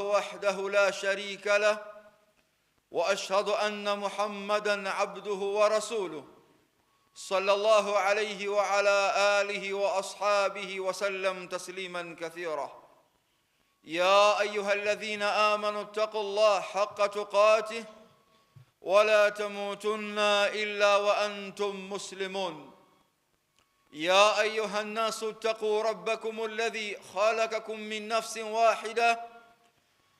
وحده لا شريك له واشهد ان محمدا عبده ورسوله صلى الله عليه وعلى اله واصحابه وسلم تسليما كثيرا يا ايها الذين امنوا اتقوا الله حق تقاته ولا تموتن الا وانتم مسلمون يا ايها الناس اتقوا ربكم الذي خلقكم من نفس واحده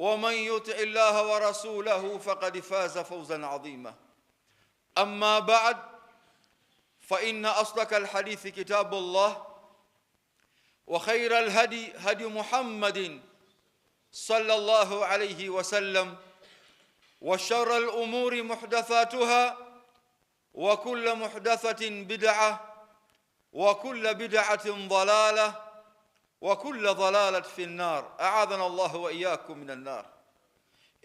ومن يطع الله ورسوله فقد فاز فوزا عظيما أما بعد فإن أصدق الحديث كتاب الله وخير الهدي هدي محمد صلى الله عليه وسلم وشر الأمور محدثاتها وكل محدثة بدعة وكل بدعة ضلالة وكل ضلالة في النار أعاذنا الله وإياكم من النار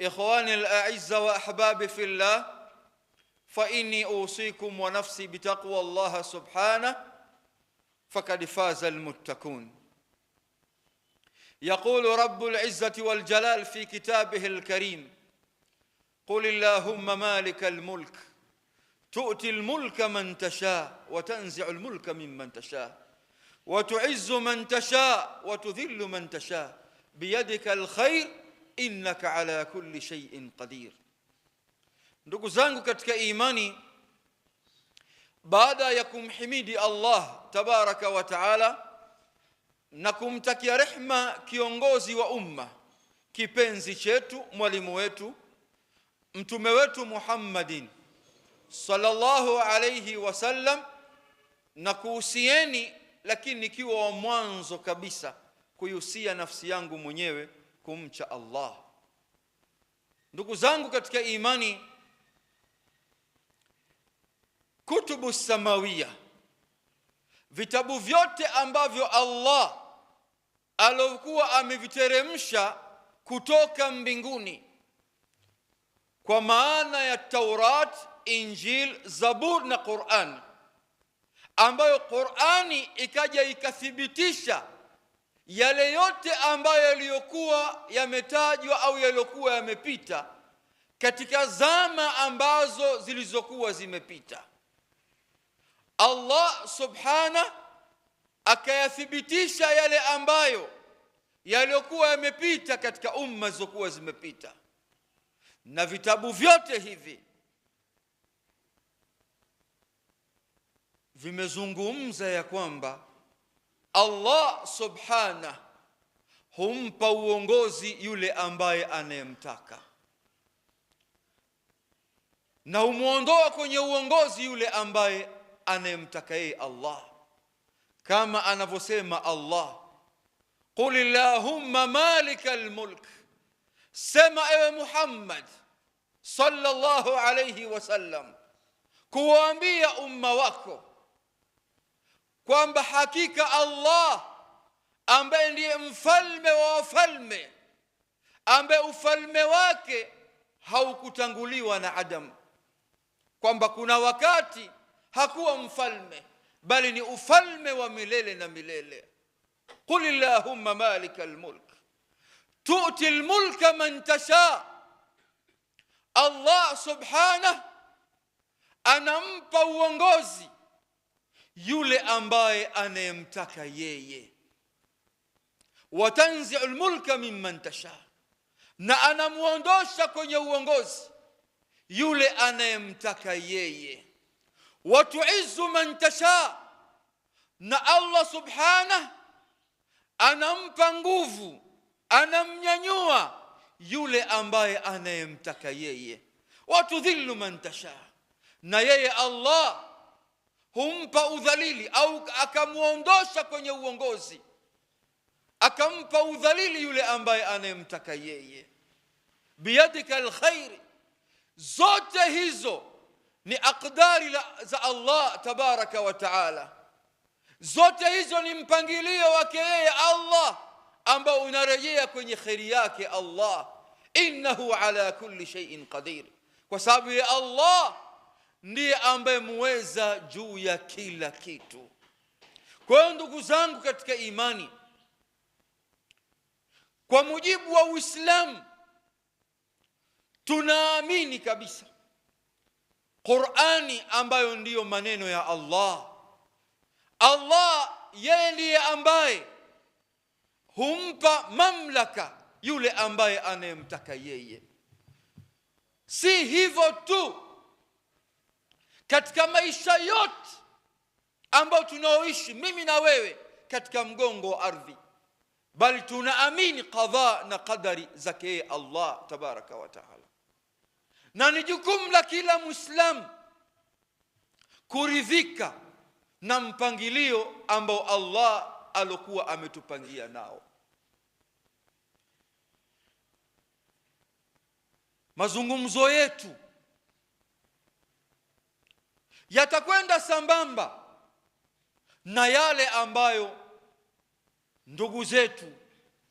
إخواني الأعز وأحبابي في الله فإني أوصيكم ونفسي بتقوى الله سبحانه فقد فاز المتقون يقول رب العزة والجلال في كتابه الكريم قل اللهم مالك الملك تؤتي الملك من تشاء وتنزع الملك ممن تشاء وتعز من تشاء وتذل من تشاء بيدك alkhair innaka ala kulli shay'in qadir ndugu zangu katika imani baada ya kumhimidi Allah tabaraka wa taala na kumtakia rehma kiongozi wa umma kipenzi chetu mwalimu wetu mtume wetu Muhammadin sallallahu alayhi wasallam na kuhusieni lakini nikiwa wa mwanzo kabisa kuihusia nafsi yangu mwenyewe kumcha Allah. Ndugu zangu katika imani, kutubu samawiya, vitabu vyote ambavyo Allah aliokuwa ameviteremsha kutoka mbinguni, kwa maana ya Taurat, Injil, Zabur na Quran ambayo Qur'ani ikaja ikathibitisha yale yote ambayo yaliyokuwa yametajwa au yaliyokuwa yamepita katika zama ambazo zilizokuwa zimepita. Allah subhana akayathibitisha yale ambayo yaliyokuwa yamepita katika umma zilizokuwa zimepita, na vitabu vyote hivi vimezungumza ya kwamba Allah subhana humpa uongozi yule ambaye anayemtaka na humwondoa kwenye uongozi yule ambaye anayemtaka yeye Allah, kama anavyosema Allah, qul illahumma malikal mulk, sema ewe Muhammad sallallahu alayhi wasallam, kuwaambia umma wako kwamba hakika Allah ambaye ndiye mfalme wa wafalme ambaye ufalme wake haukutanguliwa na Adam, kwamba kuna wakati hakuwa mfalme bali ni ufalme wa milele na milele. Qul illahumma malika mulk tu'ti almulka man tasha. Allah subhanahu anampa uongozi yule ambaye anayemtaka yeye watanziu lmulka mimman tasha na anamwondosha kwenye uongozi yule anayemtaka yeye watuizu man tasha na allah subhanah anampa nguvu anamnyanyua yule ambaye anayemtaka yeye watudhillu man tasha na yeye allah humpa udhalili au akamwondosha kwenye uongozi, akampa udhalili yule ambaye anayemtaka yeye. Biyadika alkhairi, zote hizo ni aqdari za Allah tabaraka wa taala. Zote hizo ni mpangilio wake yeye Allah ambao unarejea kwenye kheri yake Allah, innahu ala kulli shay'in qadir, kwa sababu ya Allah ndiye ambaye muweza juu ya kila kitu. Kwa hiyo ndugu zangu katika imani, kwa mujibu wa Uislamu tunaamini kabisa Qur'ani ambayo ndiyo maneno ya Allah. Allah yeye ndiye ambaye humpa mamlaka yule ambaye anayemtaka yeye. Si hivyo tu katika maisha yote ambayo tunaoishi mimi na wewe katika mgongo wa ardhi bali tunaamini qadha na qadari zake Allah tabaraka wa taala na ni jukumu la kila mwislamu kuridhika na mpangilio ambao Allah alokuwa ametupangia nao mazungumzo yetu yatakwenda sambamba na yale ambayo ndugu zetu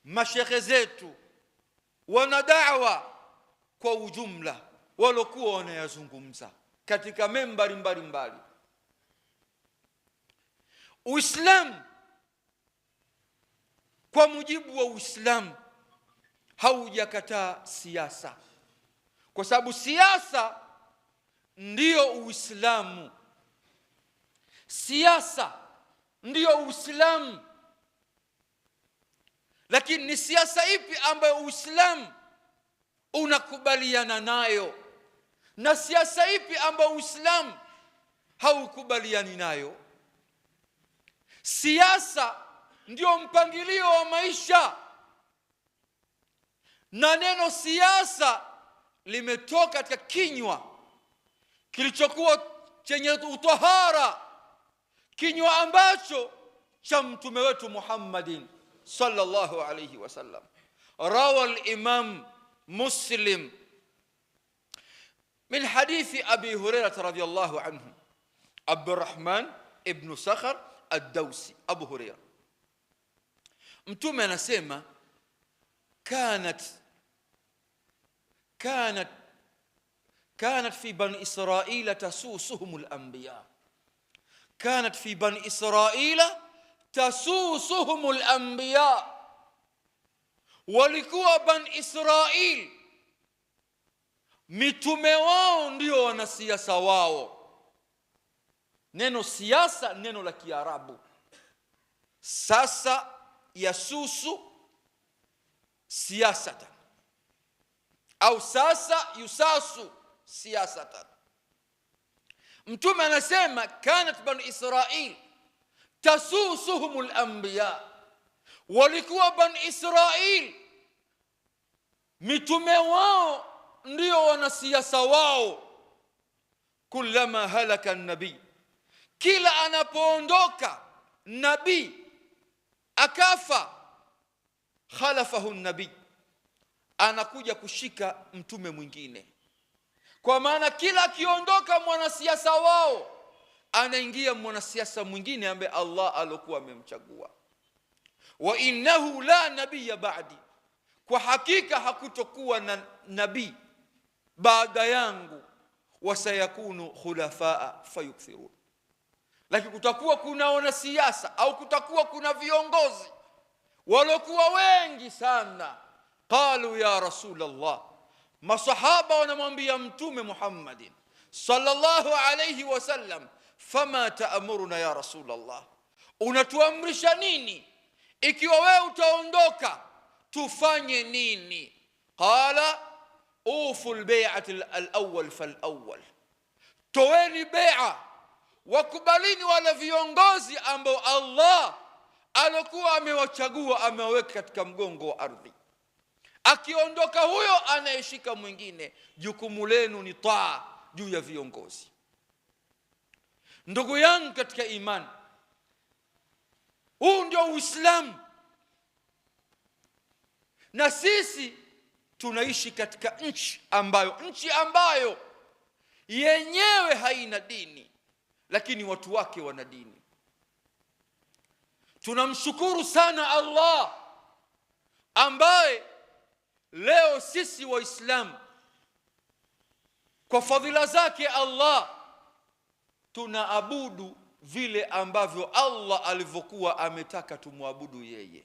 mashehe zetu wanadawa kwa ujumla walokuwa wanayazungumza katika membari mbalimbali Uislamu kwa mujibu wa Uislamu haujakataa siasa, kwa sababu siasa ndiyo Uislamu, siasa ndiyo Uislamu. Lakini ni siasa ipi ambayo Uislamu unakubaliana nayo na siasa ipi ambayo Uislamu haukubaliani nayo? Siasa ndio mpangilio wa maisha, na neno siasa limetoka katika kinywa kilichokuwa chenye utohara kinywa ambacho cha mtume wetu Muhammadin sallallahu alayhi wasallam. Rawa al-Imam Muslim min hadithi Abi Hurairah radhiyallahu anhu Abdurrahman ibn Sakhar ad-Dawsi Abu Hurairah. Mtume anasema kanat kanat كانت fi بني إسرائيل تسوسهم الأنبياء كانت في بني إسرائيل تسوسهم الأنبياء walikuwa ban israil mitume wao ndio wanasiasa wao neno siasa neno la kiarabu sasa yasusu siasatan au sasa yusasu siyasatan. Mtume anasema kanat banu Israil tasusuhum lambiya walikuwa banu Israil mitume wao ndio wanasiasa wao. Kulama halaka nabii, kila anapoondoka nabii akafa, khalafahu nabii, anakuja kushika mtume mwingine kwa maana kila akiondoka mwanasiasa wao anaingia mwanasiasa mwingine ambaye Allah alokuwa amemchagua. wa innahu la nabiyya ba'di, kwa hakika hakutokuwa na nabii baada yangu. wasayakunu khulafaa fayukthirun, lakini kutakuwa kuna wanasiasa au kutakuwa kuna viongozi walokuwa wengi sana. qalu ya rasulullah masahaba wanamwambia mtume Muhammadin sallallahu alayhi wasallam, fama taamuruna ya rasulllah unatuamrisha nini ikiwa wewe utaondoka, tufanye nini? Qala ufu lbeiati lawal falawal, toweni bea, wakubalini wale viongozi ambao Allah alokuwa amewachagua amewaweka katika mgongo wa ardhi akiondoka huyo anayeshika mwingine, jukumu lenu ni taa juu ya viongozi. Ndugu yangu katika imani, huu ndio Uislamu, na sisi tunaishi katika nchi ambayo nchi ambayo yenyewe haina dini, lakini watu wake wana dini. Tunamshukuru sana Allah ambaye Leo sisi Waislamu kwa fadhila zake Allah tunaabudu vile ambavyo Allah alivyokuwa ametaka tumwabudu yeye.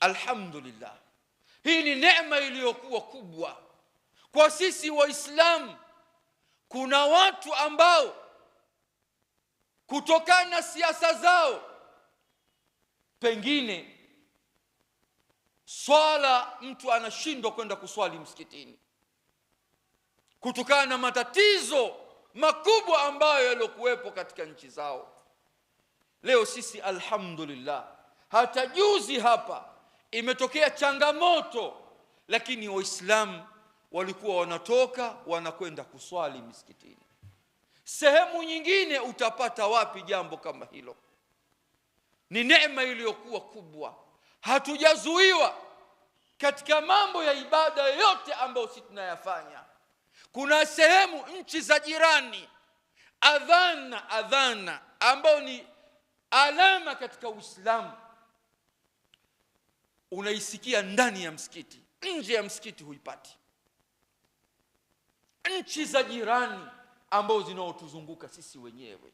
Alhamdulillah, hii ni neema iliyokuwa kubwa kwa sisi Waislamu. Kuna watu ambao kutokana na siasa zao pengine swala mtu anashindwa kwenda kuswali msikitini kutokana na matatizo makubwa ambayo yaliyokuwepo katika nchi zao. Leo sisi alhamdulillah, hata juzi hapa imetokea changamoto, lakini Waislamu walikuwa wanatoka wanakwenda kuswali misikitini. Sehemu nyingine utapata wapi jambo kama hilo? Ni neema iliyokuwa kubwa hatujazuiwa katika mambo ya ibada yote ambayo sisi tunayafanya. Kuna sehemu nchi za jirani adhana adhana ambayo ni alama katika Uislamu unaisikia ndani ya msikiti, nje ya msikiti huipati. Nchi za jirani ambazo zinaotuzunguka sisi wenyewe,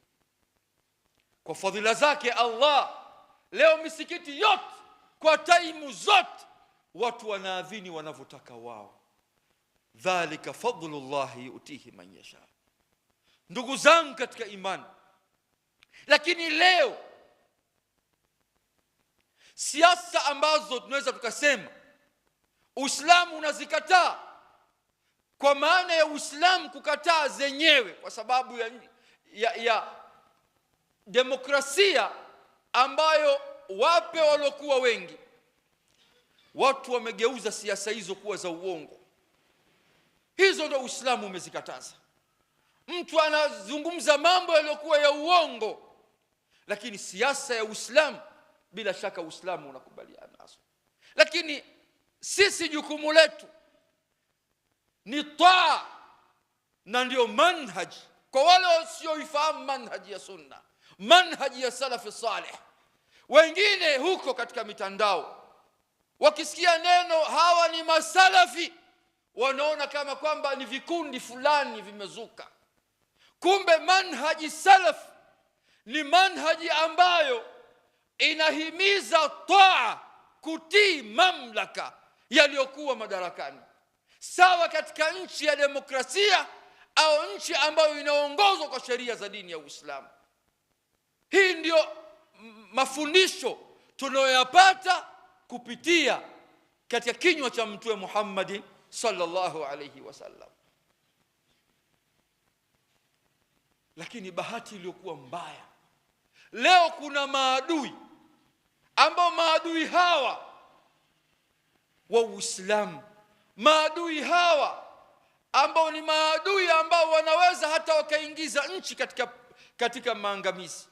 kwa fadhila zake Allah, leo misikiti yote kwa taimu zote watu wanaadhini wanavyotaka wao. Dhalika fadlullahi yutihi man yasha. Ndugu zangu katika imani, lakini leo siasa ambazo tunaweza tukasema Uislamu unazikataa kwa maana ya Uislamu kukataa zenyewe kwa sababu ya, ya, ya demokrasia ambayo wape waliokuwa wengi. Watu wamegeuza siasa hizo kuwa za uongo. Hizo ndo Uislamu umezikataza. Mtu anazungumza mambo yaliyokuwa ya uongo, lakini siasa ya Uislamu, bila shaka Uislamu unakubaliana nazo, lakini sisi jukumu letu ni taa, na ndio manhaji kwa wale wasioifahamu manhaji ya Sunna, manhaji ya salafi saleh wengine huko katika mitandao wakisikia neno hawa ni masalafi, wanaona kama kwamba ni vikundi fulani vimezuka. Kumbe manhaji salaf ni manhaji ambayo inahimiza taa, kutii mamlaka yaliyokuwa madarakani, sawa katika nchi ya demokrasia au nchi ambayo inaongozwa kwa sheria za dini ya Uislamu. Hii ndio mafundisho tunayoyapata kupitia katika kinywa cha mtume Muhammad sallallahu alayhi wasallam. Lakini bahati iliyokuwa mbaya, leo kuna maadui ambao maadui hawa wa Uislamu, maadui hawa ambao ni maadui ambao wanaweza hata wakaingiza nchi katika, katika maangamizi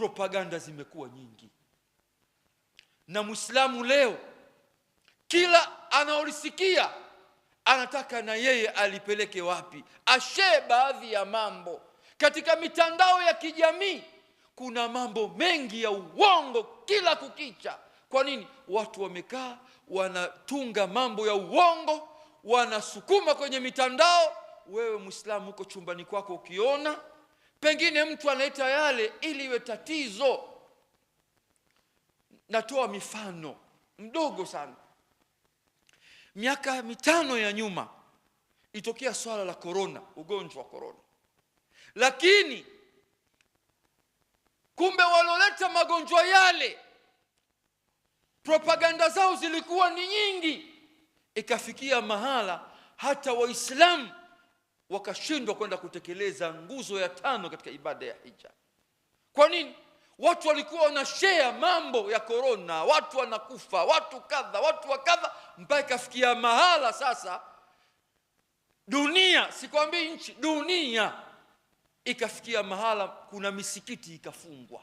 propaganda zimekuwa nyingi, na Muislamu leo kila anaolisikia anataka na yeye alipeleke wapi, ashee baadhi ya mambo katika mitandao ya kijamii. Kuna mambo mengi ya uongo kila kukicha. Kwa nini watu wamekaa wanatunga mambo ya uongo, wanasukuma kwenye mitandao? Wewe Muislamu uko chumbani kwako ukiona Pengine mtu anaita yale ili iwe tatizo. Natoa mifano mdogo sana. Miaka mitano ya nyuma itokea swala la korona, ugonjwa wa korona, lakini kumbe waloleta magonjwa yale propaganda zao zilikuwa ni nyingi, ikafikia mahala hata Waislamu wakashindwa kwenda kutekeleza nguzo ya tano katika ibada ya hija. Kwa nini? Watu walikuwa wanashea mambo ya korona, watu wanakufa, watu kadha, watu wa kadha, mpaka ikafikia mahala sasa dunia, sikwambii nchi, dunia ikafikia mahala, kuna misikiti ikafungwa,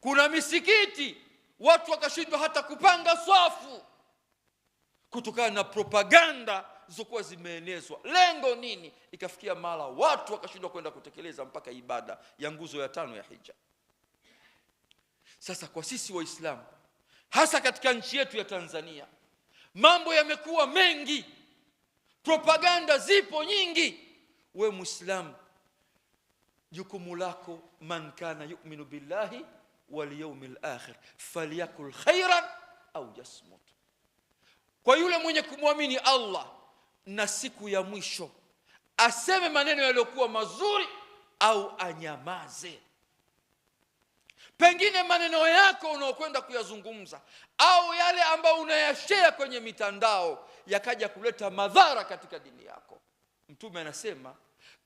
kuna misikiti watu wakashindwa hata kupanga swafu kutokana na propaganda zokuwa zimeenezwa. Lengo nini? Ikafikia mara watu wakashindwa kwenda kutekeleza mpaka ibada ya nguzo ya tano ya hija. Sasa kwa sisi Waislamu, hasa katika nchi yetu ya Tanzania, mambo yamekuwa mengi, propaganda zipo nyingi. We Muislamu, jukumu lako, man kana yuminu billahi wal yaumil akhir falyakul khairan au yasmut, kwa yule mwenye kumwamini Allah na siku ya mwisho, aseme maneno yaliyokuwa mazuri au anyamaze. Pengine maneno yako unaokwenda kuyazungumza au yale ambayo unayashea kwenye mitandao yakaja kuleta madhara katika dini yako. Mtume anasema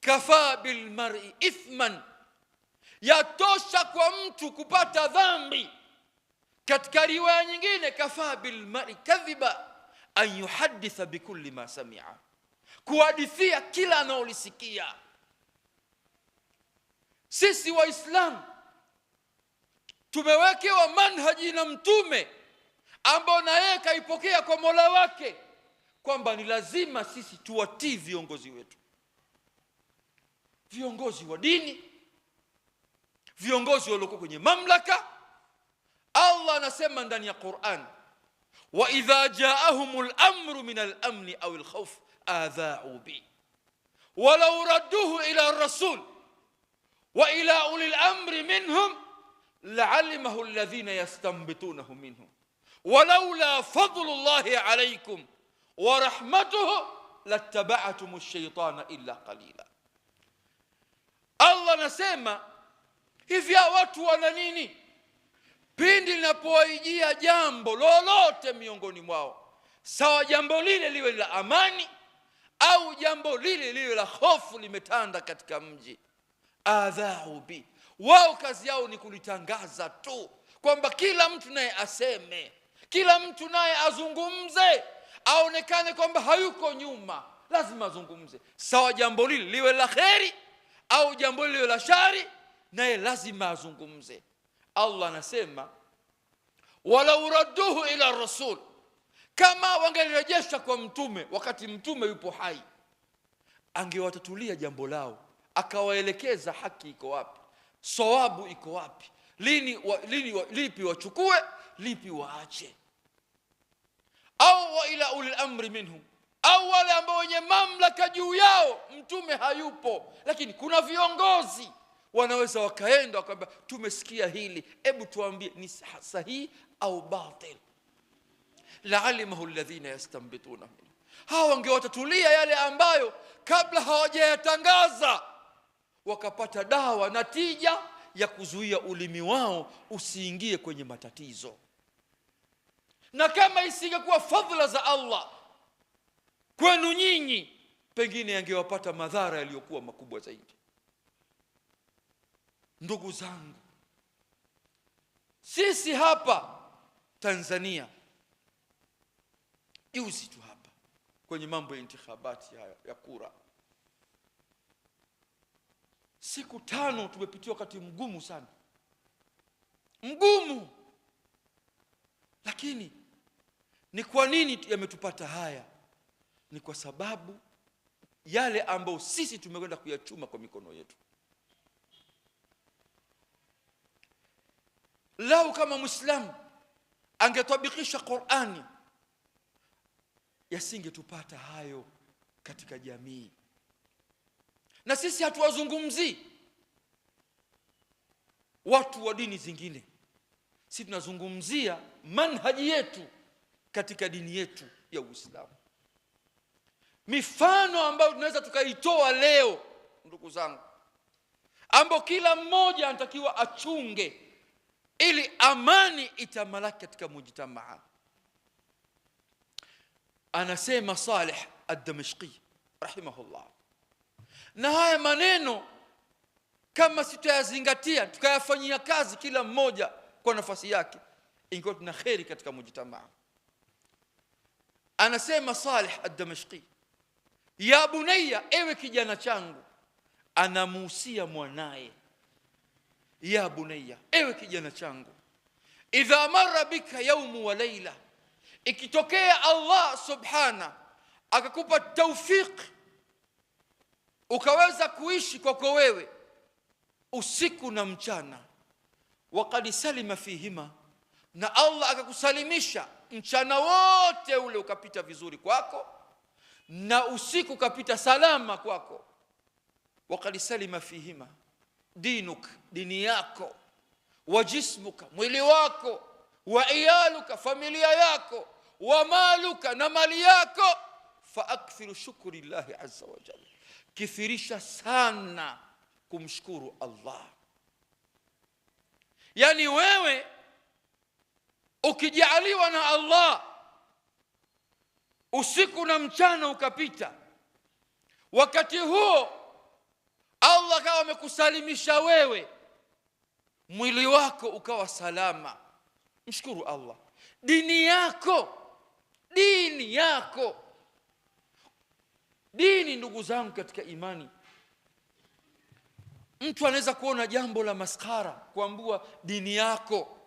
kafaa bilmari ithman, yatosha kwa mtu kupata dhambi. Katika riwaya nyingine kafaa bilmari kadhiba an yuhaditha bikulli ma samia, kuhadithia kila anaolisikia. Sisi Waislamu tumewekewa manhaji na Mtume ambao na yeye kaipokea kwa Mola wake kwamba ni lazima sisi tuwatii viongozi wetu, viongozi wa dini, viongozi waliokuwa kwenye mamlaka. Allah anasema ndani ya Qur'an وإذا جاءهم الأمر من الأمن أو الخوف آذاعوا به ولو ردوه إلى الرسول وإلى أولي الأمر منهم لعلمه الذين يستنبطونه منهم ولولا فضل الله عليكم ورحمته لاتبعتم الشيطان إلا قليلا الله نسيما إذ يا واتو أنا نيني pindi linapowaijia jambo lolote miongoni mwao, sawa jambo lile liwe la amani au jambo lile liwe la hofu limetanda katika mji, adhau bi wao, kazi yao ni kulitangaza tu, kwamba kila mtu naye aseme, kila mtu naye azungumze, aonekane kwamba hayuko nyuma, lazima azungumze, sawa jambo lile liwe la kheri au jambo lile liwe la shari, naye lazima azungumze. Allah anasema walau radduhu ila rasul, kama wangerejesha kwa mtume wakati mtume yupo hai, angewatatulia jambo lao, akawaelekeza haki iko wapi, sawabu iko wapi, lini, wa, lini wa, lipi wachukue, lipi waache, au wa ila ulilamri amri minhum au wale ambao wenye mamlaka juu yao. Mtume hayupo, lakini kuna viongozi wanaweza wakaenda wakaambia, tumesikia hili, hebu tuambie ni sahihi au batil. Laalimahu alladhina yastanbituna minhu, hawa wangewatatulia yale ambayo kabla hawajayatangaza wakapata dawa na tija ya kuzuia ulimi wao usiingie kwenye matatizo. Na kama isingekuwa fadhila za Allah kwenu nyinyi, pengine yangewapata madhara yaliyokuwa makubwa zaidi. Ndugu zangu, sisi hapa Tanzania juzi tu hapa kwenye mambo ya intikhabati haya ya kura, siku tano tumepitia wakati mgumu sana, mgumu. Lakini ni kwa nini yametupata haya? Ni kwa sababu yale ambayo sisi tumekwenda kuyachuma kwa mikono yetu Lau kama Muislamu angetabikisha Qur'ani, yasingetupata hayo katika jamii. Na sisi hatuwazungumzii watu wa dini zingine, sisi tunazungumzia manhaji yetu katika dini yetu ya Uislamu. Mifano ambayo tunaweza tukaitoa leo, ndugu zangu, ambayo kila mmoja anatakiwa achunge ili amani itamalaki katika mujtamaa. Anasema Salih ad-Damashqi rahimahullah, na haya maneno kama sitayazingatia tukayafanyia kazi kila mmoja kwa nafasi yake, ingekuwa tuna kheri katika mujtamaa. Anasema Salih ad-Damashqi, ya bunayya, ewe kijana changu, anamuhusia mwanaye ya bunayya, ewe kijana changu, idha mara bika yaumu wa laila, ikitokea Allah subhana akakupa taufiq ukaweza kuishi kwako wewe usiku na mchana, waqad salima fihima, na Allah akakusalimisha mchana wote ule ukapita vizuri kwako na usiku ukapita salama kwako, waqad salima fihima dinuk, dini yako, wa jismuka, mwili wako, wa iyaluka, familia yako, wa maluka, na mali yako. Faakthiru shukri llahi azza wa jalla, kithirisha sana kumshukuru Allah. Yani wewe ukijaliwa na Allah usiku na mchana ukapita wakati huo Allah akawa amekusalimisha wewe, mwili wako ukawa salama. Mshukuru Allah. Dini yako, dini yako, dini. Ndugu zangu katika imani, mtu anaweza kuona jambo la maskara kuambua dini yako